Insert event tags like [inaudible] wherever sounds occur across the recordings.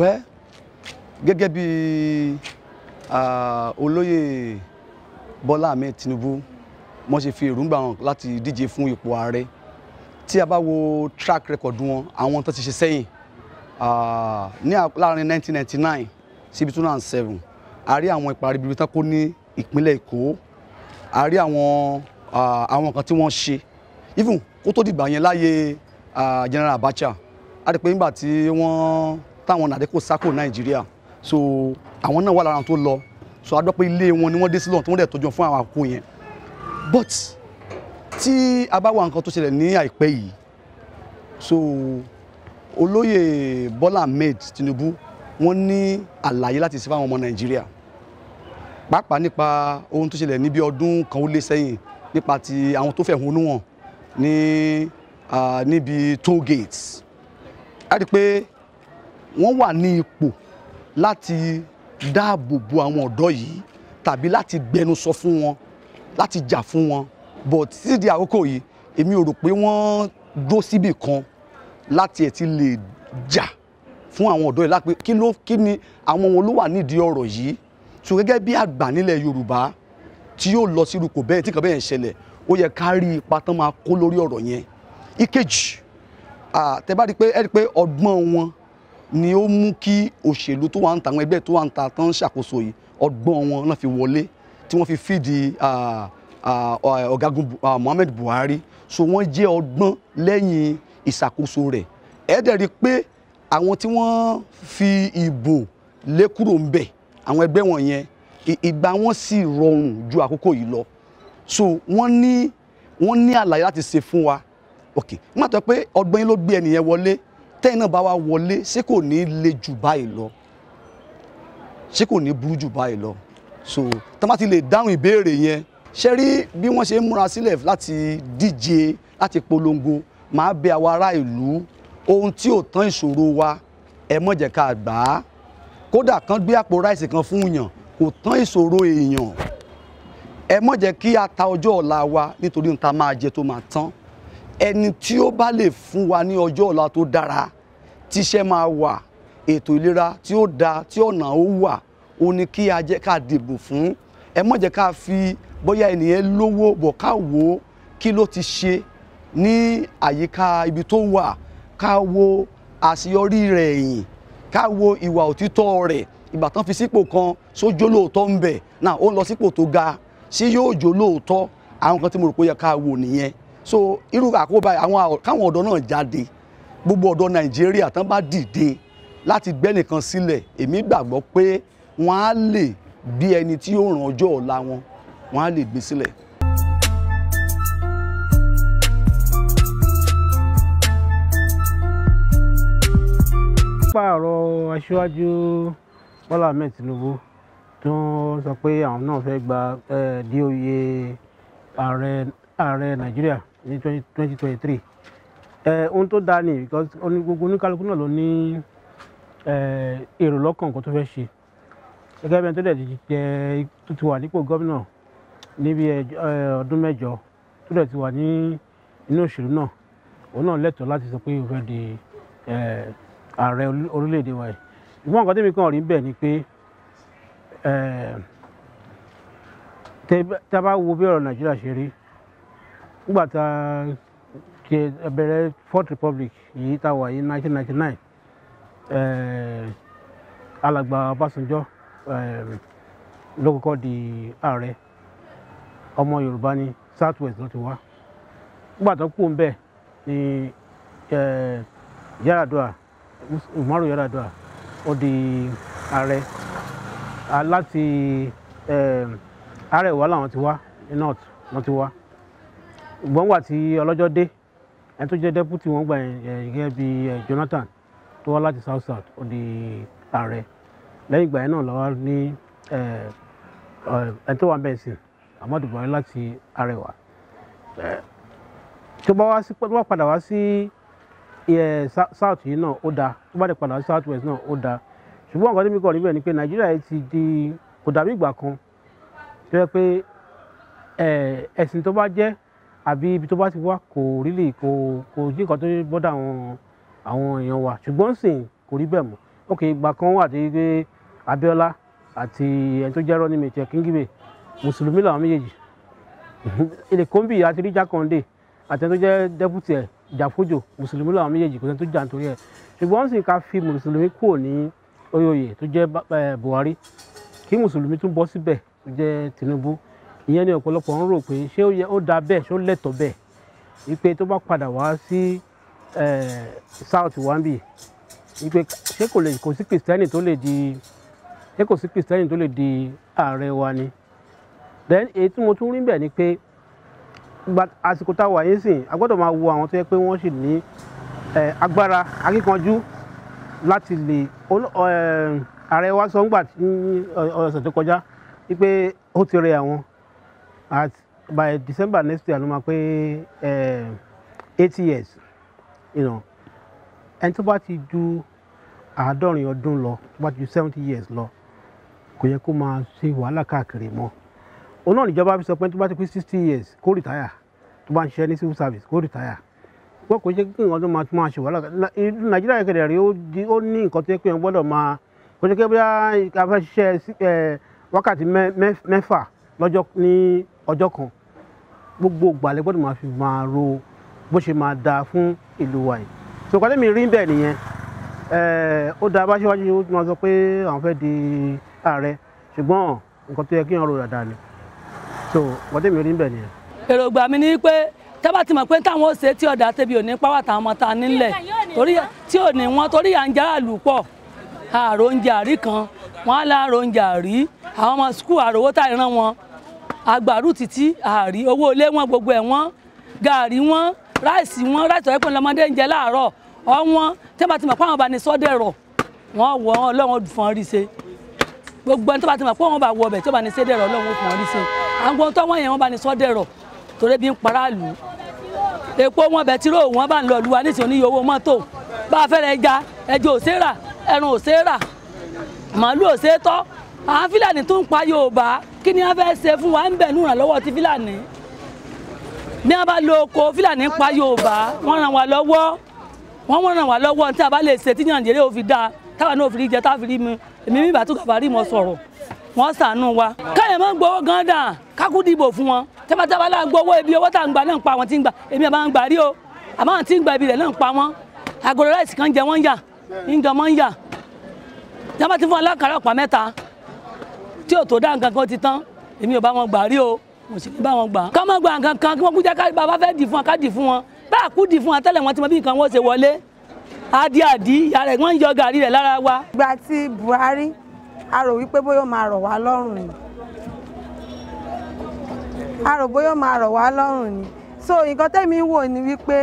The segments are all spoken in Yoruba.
wẹ́ gẹ́gẹ́ bí olóyè Bọ́lá Ahmed Tinubu wọ́n ṣe fi èròǹgbà hàn láti díje fún ipò ààrẹ tí a bá wo track record wọn àwọn tó ti ṣe sẹ́yìn ní láàrin 1999 síbi 2007 a rí àwọn ìparí bíbí tán kó ní ìpínlẹ̀ Èkó a rí àwọn àwọn kan tí wọ́n ṣe even kó tó dìgbà yẹn láyé General Abacha a rí pé nígbà tí wọ́n táwọn nàdẹ́kò sákò nàìjíríà so àwọn náà wà lára tó lọ so a gbọ́ pé ilé wọn ni wọ́n dé sí lọ́n tí wọ́n dẹ̀ tọ́jú fún àwọn àkókò yẹn but tí a bá wà nǹkan tó ṣẹlẹ̀ ní àìpẹ́ yìí so olóyè Bọ́lá Ahmed Tinubu wọ́n ní àlàyé láti ṣe fáwọn ọmọ nàìjíríà pàápàá nípa ohun tó ṣẹlẹ̀ ní bí ọdún kan ó lé sẹ́yìn nípa ti àwọn tó fẹ̀hónú hàn ní níbi toll gates a rí i pé wọ́n wà ní ipò láti dáàbò bo àwọn ọ̀dọ́ yìí tàbí láti gbẹnusọ fún wọn láti jà fún wọn but títí di àkókò yìí èmi ò rò pé wọ́n dúró síbì kan láti ẹ̀ ti lè jà fún àwọn ọ̀dọ́ yìí lápé kí ló kí ni àwọn wọn ló wà nídìí ọ̀rọ̀ yìí so gẹ́gẹ́ bí àgbà nílẹ̀ Yorùbá tí yóò lọ sí irukò bẹ́ẹ̀ tí kan bẹ́ẹ̀ ń ṣẹlẹ̀ ó yẹ ká rí ipa tán máa kó lórí ọ̀rọ̀ yẹn ìkejì tẹ bá rí pé ẹ rí pé ọgbọ́n wọn ni ó mú kí òṣèlú tó wà ń ta àwọn ẹgbẹ́ tó wà ń ta tán ṣàkóso yìí ọgbọ́n wọn náà fi wọlé tí wọ́n fi fìdí ọ̀gágun Muhammad Buhari so wọ́n jẹ́ ọgbọ́n lẹ́yìn ìṣàkóso rẹ̀ ẹ̀ẹ́dẹ̀ rí pé àwọn tí wọ́n fi ìbò lé kúrò ń bẹ̀ àwọn ẹgbẹ́ wọn yẹn ìgbà wọn sì rọrùn ju àkókò yìí lọ so wọ́n ní wọ́n ní àlàyé láti ṣe fún wa ok nígbà tó pé ọgbọ́n yín ló gbé ẹnìyẹn wọlé tẹ́yìn náà bá wá wọlé ṣé kò ní le jù báyìí lọ ṣé kò ní burú jù báyìí lọ so tá bá ti lè dáhùn ìbéèrè yẹn ṣe rí bí wọ́n ṣe ń múra sílẹ̀ láti díje láti polongo máa bẹ àwọn ará ìlú ohun tí ò tán ìṣòro wa ẹ má jẹ́ ká gbà á kódà kan gbé àpò ráìsì kan fún yàn kò tán ìṣòro èèyàn ẹ má kí a ta ọjọ́ ọ̀la wa nítorí nǹkan máa jẹ tó máa tán ẹni tí ó bá lè fún wa ní ọjọ́ ọ̀la tó dára tíṣẹ́ máa wà ètò ìlera tí ó dáa tí ọ̀nà ó wà ó ní kí a jẹ́ ká dìbò fún ẹ má jẹ́ ká fi bóyá ènìyàn lówó bọ̀ ká wò ó kí ló ti ṣe ní àyíká ibi tó wà ká wo àṣeyọrí rẹ̀ ẹ̀yìn ká wo ìwà òtítọ́ rẹ̀ ìgbà fi sípò kan sójó lóòótọ́ ń bẹ̀ náà ó ń lọ sípò tó ga ṣé yóò jó lóòótọ́ àwọn kan tí mo rò pé ó yẹ ká wò nìyẹn so irú àkóbá àwọn káwọn ọ̀dọ́ náà jáde gbogbo ọ̀dọ́ nàìjíríà tán bá dìde láti gbẹ́nìkan sílẹ̀ èmi gbàgbọ́ pé wọ́n á lè bí ẹni tí yóò ràn ọjọ́ ọ̀la wọn wọ́n á lè gbé sílẹ̀. nípa ọ̀rọ̀ aṣíwájú Bọ́lá Ahmed Tinubu tó sọ pé àwọn náà fẹ́ gba eh, di oyè ààrẹ nàìjíríà ní twenty twenty three ohun tó dáa ni because gbogbo oníkálukú náà ló ní èrò lọ́kàn kan tó fẹ́ ṣe gẹ́gẹ́ bí ẹni tó dẹ̀ jẹ́ tó ti wà nípò gómìnà níbi ọdún mẹ́jọ tó dẹ̀ ti wà ní inú òṣèlú náà òun náà lẹ́tọ̀ọ́ láti sọ pé ó fẹ́ di ààrẹ orílẹ̀-èdè wa yìí ìwọ̀n nǹkan kan rí bẹ́ẹ̀ ni pé tẹ́ bá wo bí ọ̀rọ̀ Nàìjíríà ṣe rí nígbà tá a ṣe ẹ̀bẹ̀rẹ̀ fourth republic yìí tá a wà yìí nineteen ninety nine eh, alàgbà eh, ló di ààrẹ ọmọ Yorùbá ní south west ló ti wá nígbà tó kú ni eh, Yar'Adua Umaru Yar'Adua ó di ààrẹ láti ààrẹ ìwà làwọn ti wá north ti wá. ìgbọ́n wà tí ọlọ́jọ́ dé ẹni tó jẹ́ deputy wọn gbà gẹ́gẹ́ bí Jonathan tó wá láti south south ó di ààrẹ lẹ́yìn ìgbà yẹn náà lọ́wọ́ ní ẹni tó wà bẹ́ẹ̀ sìn Ahmadu Buhari láti Arewa tó bá wá padà wá sí south yìí náà ó dáa tó bá padà wá sí south west náà ó dáa ṣùgbọ́n nǹkan tí mi kọ̀ níbẹ̀ ni pé Nàìjíríà yìí ti di kò dàbí ìgbà kan tó yẹ pé ẹ̀sìn tó bá jẹ́ àbí ibi tó bá ti wá kò rílì kò kò jí nǹkan tó bọ́dà àwọn àwọn èèyàn wa ṣùgbọ́n sìn kò rí bẹ́ẹ̀ mọ́ ok ìgbà kan wà tó yẹ pé Abíọ́lá àti ẹni tó jẹ́ rọ́ọ̀nì mẹ̀tì Kingibe mùsùlùmí làwọn méjèèjì ilẹ̀ [laughs] kọ́ńbì àti ríjà kọ́ńdé àti ẹni tó jẹ́ dẹ́pútì ẹ̀ Jàfójò mùsùlùmí làwọn méjèèjì kò sẹ́ni tó jà nítorí ẹ̀ ṣùgbọ́n sì ká fi mùsùlùmí kúrò ní oyè tó jẹ́ eh, Buhari kí mùsùlùmí tún bọ́ síbẹ̀ tó jẹ́ Tinubu ìyẹn ni ọ̀pọ̀lọpọ̀ ń rò pé ṣé ó da bẹ́ẹ̀ ṣé ó lẹ́tọ̀ọ́ bẹ́ẹ̀ wípé tó bá padà wá sí south wambi wípé ṣé kò lè kò sí kìrìsìtẹ́nì tó lè di ṣé kò sí kìrìsìtẹ́nì tó lè di ààrẹ wa ni then èyí tí mo tún rí bẹ́ẹ̀ ni pé àsìkò tá a wà yín sìn a gbọ́dọ̀ máa wo àwọn tó yẹ pé wọ́n sì ní agbára akíkanjú láti lè ààrẹ wa sọ ń gbà ọ̀sẹ̀ tó kọjá wípé ó ti rẹ àwọn at by December next year ló máa eh, eighty years you know ẹni tó bá ti ju àádọ́rin ọdún lọ tó bá ti ju seventy years lọ kò yẹ kó máa ṣe wàhálà káàkiri mọ́ òun náà níjọba fi sọ pé tó bá ti pé sixty years kó rìtáyà tó bá ń ṣiṣẹ́ ní civil service kó rìtáyà wọ́n kò ṣe kí nǹkan tó máa tún máa ṣe wàhálà nàìjíríà yẹn kẹ̀dẹ̀ rí ó ní nǹkan tó yẹ pé wọ́n gbọ́dọ̀ máa kò ṣe kí wọ́n bí ṣiṣẹ́ eh, wákàtí mẹ́fà lọ́jọ́ ní ọjọ́ kan gbogbo ìgbà lẹ gbọ́dọ̀ máa fi máa ro bó ṣe máa dáa fún ìlú wa yìí so kọ́lé mi rí bẹ́ẹ̀ nìyẹn eh, ó dáa bá ṣíwájú ó máa sọ pé àwọn fẹ́ di ààrẹ ṣùgbọ́n nǹkan tó yẹ kí wọ́n ro dáadáa ni so kọ́lé mi rí bẹ́ẹ̀ nìyẹn. èròǹgbà mi ni pé tábà ti mọ̀ pé táwọn ó ṣe tí ọ̀dà tẹ́bi ò pàwọ́ àtàwọn ọmọ ta nílẹ̀ tí ò ní wọn torí à àlù pọ̀ àròǹjà àrí kan wọn á lá àròǹjà àrí àwọn ọmọ sukùl àròwó tá ìran wọn àgbàrú títí àárí owó ilé wọn gbogbo ẹ̀ wọ́n gààrí wọn ráìsì wọn ráìsì ọ̀rẹ́pẹ̀ lọ́mọdé ń jẹ láàárọ̀ ọ̀wọ́n tí wọ́n ti mọ̀ pé àwọn bá ní sọ́dẹ̀rọ̀ wọ́n wọ̀ ọ́n ọlọ́wọ́n fọ́n rí ṣe gbogbo ẹni tó bá ti mọ̀ pé wọ́n bá wọ ọbẹ̀ tó bá ní sọ́dẹ̀rọ̀ ọlọ́wọ́n fọ́n rí ṣe àwọn tó wọ́n yẹn wọ́n bá ní sọ́dẹ̀rọ̀ torí bí ń paráàlú epo wọn bẹtiró wọn bá ń lọ lùwà nísìnyí oníyẹ owó mọ́tò bá a fẹ́rẹ̀ ẹja ẹja òṣèrà ẹran òṣèrà màálù òṣètọ́ àwọn fúlàní tó ń pa yorùbá kí ni wọ́n fẹ́ ṣe fún wa ń bẹ̀ ní ìrànlọ́wọ́ ti fúlàní bí wọ́n bá lo oko fúlàní pa yorùbá wọ́n ràn wá lọ́wọ́ wọ́n wọ́n ràn wá lọ́wọ́ tí a bá lè ṣe tí nàìjíríà ò fi dáa táwọn náà ò fi rí jẹ táwọn fi rí mu èmi mi bàtú gàbárì mọ sọ̀rọ̀ wọ́n ṣàánú wa káyọ̀ mọ́ gbowó gan dàn kákú dìbò fún wọn tẹ́fàtẹ́fà là ń gbowó ibi owó tá à ń gbà náà ń pa àwọn tí ń gbà èmi àbá ń gbà rí o àmọ́ àwọn tí ń gbà ibi rẹ̀ náà ń pa wọ́n agolo ráìsì kan jẹ wọ́n ń yà ń jọ ń yà tí fún alákàrà ọ̀pá mẹ́ta tí ò tó dá nǹkan kan ti tán èmi ò bá wọn gbà rí o mo sì ní bá wọn gbà. ká má gba nǹkan kan kí wọ́n kú jẹ́ ká bàbá fẹ́ dì fún wọn ká dì fún wọn bá a kú dì fún wọn tẹ́lẹ̀ wọn ti mọ bí nǹkan wọn ṣe wọlé adi adi ìyá rẹ̀ wọ́n ń yọ gàrí rẹ̀ lára wa. ìgbà tí Buhari a rò wípé bóyá ó máa rọ̀ wá lọ́rùn ni a rò bóyá ó máa rọ̀ wá lọ́rùn ni so nǹkan tẹ́mi wò ni wípé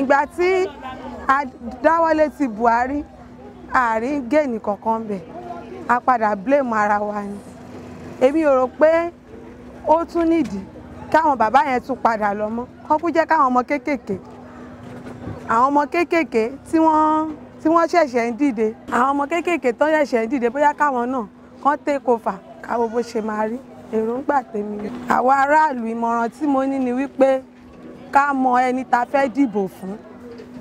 ìgbà tí a dáwọ́lé ti Buhari àárín géènì a padà blame ara wa ni èmi ò rò pé ó tún nídìí káwọn bàbá yẹn tún padà lọ mọ́ kọ́kú jẹ́ káwọn ọmọ kéékèèké àwọn ọmọ kéékèèké tí wọ́n tí wọ́n ṣẹ̀ṣẹ̀ ń dìde àwọn ọmọ kéékèèké tó ṣẹ̀ṣẹ̀ ń dìde bóyá káwọn náà kán take over káwọn bó ṣe máa rí èròǹgbà tèmi. àwa aráàlú ìmọ̀ràn tí mo ní ni wípé ká mọ ẹni tá a fẹ́ dìbò fún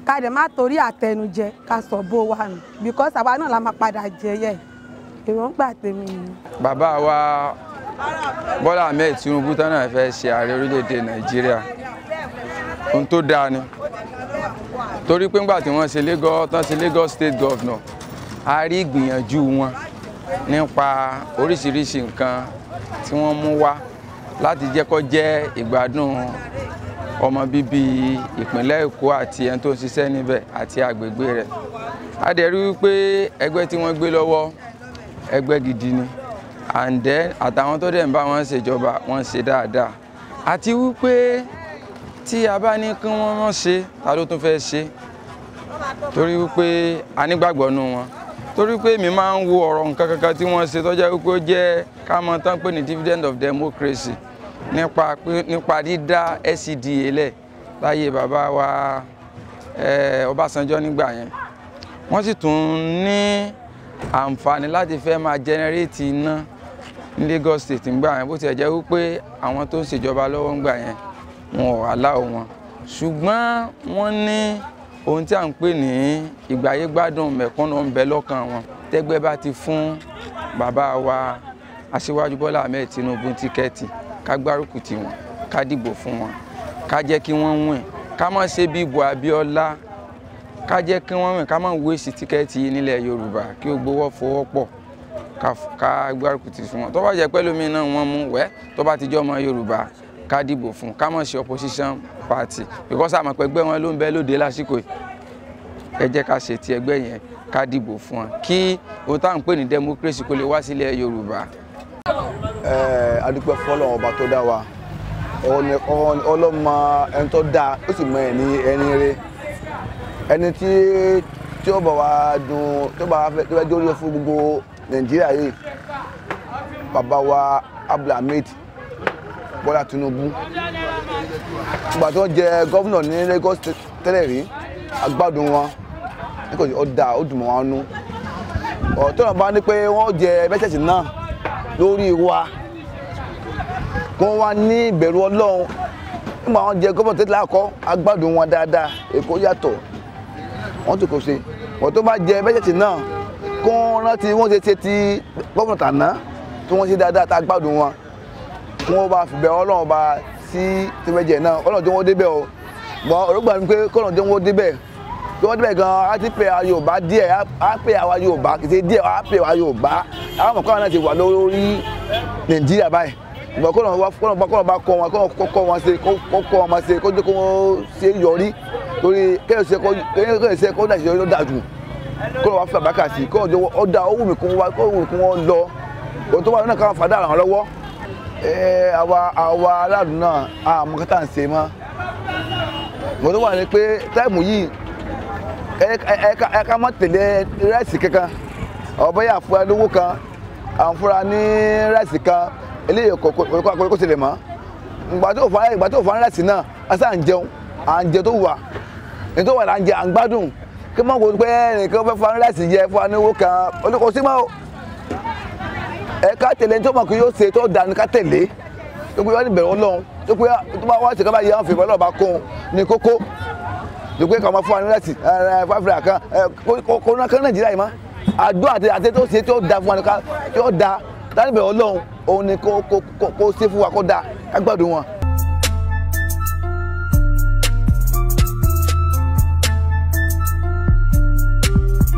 ká dẹ̀ má torí àtẹnujẹ ká sọ bó wà nù because àwa náà la máa padà jẹyẹ èròǹgbà tèmi ni. bàbá wa Bọ́lá Ahmed Tinubu tán náà fẹ́ ṣe ààrẹ orílẹ̀-èdè Nàìjíríà ohun tó dáa ni torí pé ńgbà tí wọ́n ṣe Lagos tán ṣe Lagos State Governor a rí ìgbìyànjú wọn nípa oríṣiríṣi nǹkan tí wọ́n mú wá láti jẹ́ kó jẹ́ ìgbádùn ọmọ bíbí ìpínlẹ̀ Èkó àti ẹni tó ń ṣiṣẹ́ níbẹ̀ àti agbègbè rẹ̀ a dẹ̀ rí i pé ẹgbẹ́ tí wọ́n gbé lọ́wọ́ ẹgbẹ́ gidi ni and then àtàwọn tó dẹ̀ ń bá wọn ṣèjọba wọn ṣe dáadáa àti wípé tí a bá ní kí wọ́n mọ̀ ṣe ta ló tún fẹ́ ṣe torí wípé a nígbàgbọ́ nú wọn torí pé mi máa ń wo ọ̀rọ̀ nǹkan kankan tí wọ́n ṣe tọ́jà wípé ó jẹ́ ká mọ̀ tán pé ní dividend of democracy nípa nípa dídá SCDA e e lẹ̀ láyé bàbá wa eh, Ọbásanjọ́ nígbà yẹn wọ́n sì tún ní àǹfààní láti fẹ́ máa jẹnẹrétì iná ní Lagos State ń gbà yẹn bó tiẹ̀ jẹ́ wípé àwọn tó ń ṣèjọba lọ́wọ́ ń gbà yẹn wọn ò aláwọ̀ wọn ṣùgbọ́n wọ́n ní ohun tí à ń pè ní ìgbáyégbádùn mẹ̀kúnnù ń bẹ lọ́kàn wọn tẹ́gbẹ́ bá ti fún bàbá wa aṣíwájú Bọ́lá Ahmed Tinubu tíkẹ́ẹ̀tì ká gbárùkù tì wọ́n ká dìbò fún wọn ká jẹ́ kí wọ́n wìn ká má ṣe bí ibò Abíọ́lá ká jẹ́ kí wọ́n rìn ká má wéṣì tíkẹ́ẹ̀tì nílẹ̀ yorùbá kí o gbowó fowó pọ̀ ká gbárùkù tì fún wọn tó bá jẹ́ pẹ́ lómi náà wọ́n mú wẹ́ tó bá ti jẹ́ ọmọ yorùbá ká dìbò fún ká má ṣe opposition party because àmọ́ pẹ́gbẹ́ wọn ló ń bẹ lóde lásìkò yìí ẹ jẹ́ ká ṣe ti ẹgbẹ́ yẹn ká dìbò fún wọn kí ohun táwọn ń pè ní democracy kó lè wá sílẹ̀ yorùbá. adúpẹ́ fọlọ́ ọba tó dá wa ọlọ́mọ ẹni tó dáa ó sì mọ ẹni rẹ̀ ẹni tí tí ó bọ̀ wá dùn tó bá fẹ́ tó fẹ́ dórí fún gbogbo nàìjíríà yìí bàbá wa abdulhamid bọ́lá tinubu ìgbà tó ń jẹ gómìnà ní lagos tẹ́lẹ̀ rí agbádùn wọn nípa ọ̀dà ó dùn mọ́ wọn nú ọ̀tọ́ náà bá ní pé wọ́n jẹ mẹ́sẹ̀sì náà lórí wa kó wá ní ìbẹ̀rù ọlọ́run nígbà wọn jẹ gómìnà tẹ́lẹ̀ àkọ́ agbádùn wọn dáadáa èkó yàtọ̀ wọ́n tún kò ṣe wọ́n tó bá jẹ bẹ́jẹ̀tì náà kó rántí wọ́n ṣe ṣe ti gómìnà tàná tí wọ́n ṣe dáadáa tá a gbádùn wọn kí wọ́n bá fi bẹ ọlọ́run bá sí tẹ́fẹ́jẹ náà ọlọ́run tó wọ́n débẹ̀ o mọ òrùgbà ni pé kọ́lọ́run tó wọ́n débẹ̀ tó wọ́n débẹ̀ gan-an á ti pè àwa Yorùbá díẹ̀ á pè àwa Yorùbá kì í ṣe díẹ̀ á pè àwa Yorùbá àwọn mọ̀kọ́ àwọn náà ti wà lórí Nàìjíríà báyìí ìgbà kọ́nà wa kọ́nà bá kọ́nà bá kọ́ wọn kọ́nà kọ́ wọn ṣe kọ́ wọn máa ṣe kó jẹ́ kó wọ́n ṣe yọrí torí kẹ́yìn ṣe kẹ́yìn ṣe kọ́ dàṣẹ́ yọ dàjù kọ́nà wa fi àbákà sí kọ́nà jọ ọ̀dà owó mi kún wa kọ́nà owó mi kún wọn lọ kò wà nínú káwọn fàdá ràn lọ́wọ́ àwa àwa aráàlú náà àmọ́ kátà ń ṣe mọ́ kò wà ní pé táìmù yìí ẹ̀ka mọ́ tẹ̀lé eléyìí kò kò kò tilẹ̀ mọ́ ìgbà tó fà ìgbà tó fà ńlá sí náà asá à ń jẹun à ń jẹ tó wà ní tó wà là ń jẹ à ń gbádùn kí mọ̀ kó pé ẹnìkan fẹ́ fà ńlá sí jẹ fún aníwó kan olùkọ́ sí mọ́ ẹ̀ka tẹ̀lé tó mọ̀ kí yóò ṣe tó dà ní ká tẹ̀lé tó pé wọ́n bẹ̀rẹ̀ ọlọ́run tó pé tó bá wá ṣe ká bá yẹ àwọn fìbọn lọ́ọ̀bá kún ní kókó tó pé kàwọn fún anílá sí fáfíà kan kó náà kan Nàìjíríà yìí má àdó àti àti tó ṣe tó da fún anílá tó da dáníbẹ̀ ọlọ́run òun ni kó ṣe fún wa kó dáa ká gbádùn wọn